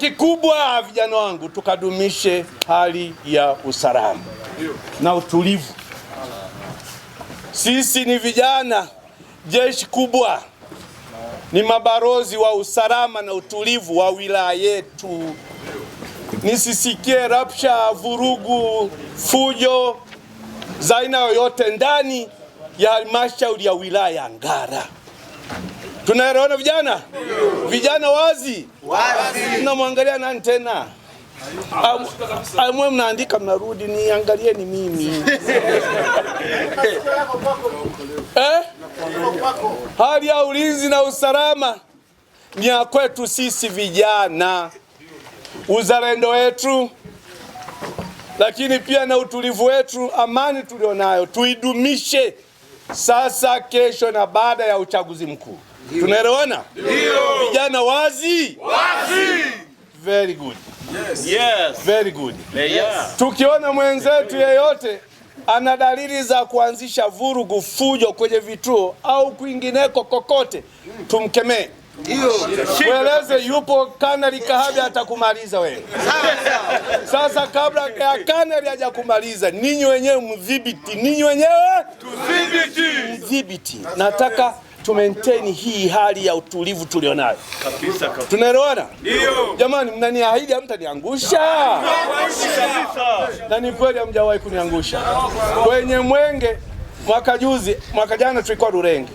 Kikubwa vijana wangu, tukadumishe hali ya usalama na utulivu. Sisi ni vijana, jeshi kubwa, ni mabalozi wa usalama na utulivu wa wilaya yetu. Nisisikie rapsha, vurugu, fujo za aina yoyote ndani ya halmashauri ya wilaya ya Ngara. Tunaelewana vijana? Vijana wazi wazi, mnamwangalia nani tena? Amwe mnaandika mnarudi, niangalie ni mimi eh? Hali ya ulinzi na usalama ni ya kwetu sisi vijana, uzalendo wetu, lakini pia na utulivu wetu, amani tulionayo tuidumishe sasa, kesho na baada ya uchaguzi mkuu. Tunaelewana? Ndio. Vijana wazi? Wazi. Very good. Yes. Yes. Very good. Yes. Tukiona mwenzetu yeyote ana dalili za kuanzisha vurugu, fujo kwenye vituo au kwingineko kokote, tumkemee. Mweleze yupo Kanali Kahabi atakumaliza wewe. Sasa kabla ya Kanali hajakumaliza, ninyi wenyewe mdhibiti, ninyi wenyewe tudhibiti, mdhibiti. Nataka tu maintain hii hali ya utulivu tulionayo. Kabisa kabisa. Tunaelewana? Ndio. Jamani, mnaniahidi hamtaniangusha? Na ni yaani kweli hamjawahi kuniangusha. Kwenye mwenge mwaka juzi, mwaka jana tulikuwa Rurenge.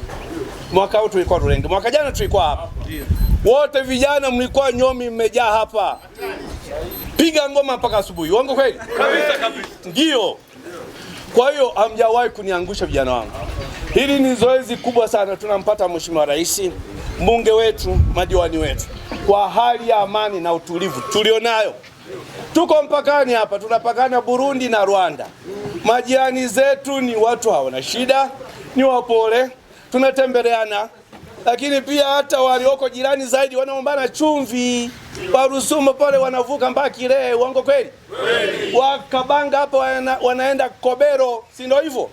Mwaka huu tulikuwa Rurenge. Mwaka jana tulikuwa hapa. Wote vijana mlikuwa nyomi mmejaa hapa. Piga ngoma mpaka asubuhi. Uongo kweli? Kabisa kabisa. Ndio. Kwa hiyo hamjawahi kuniangusha vijana wangu. Hili ni zoezi kubwa sana, tunampata Mheshimiwa Rais, mbunge wetu, madiwani wetu kwa hali ya amani na utulivu tulionayo. Tuko mpakani hapa, tunapakana Burundi na Rwanda. Majirani zetu ni watu hawana shida, ni wapole, tunatembeleana lakini pia hata walioko jirani zaidi wanaombana chumvi, Warusuma pale wanavuka mpaka Kirehe. Uongo kweli? Kabanga hapo wana, wanaenda Kobero, si ndio hivyo?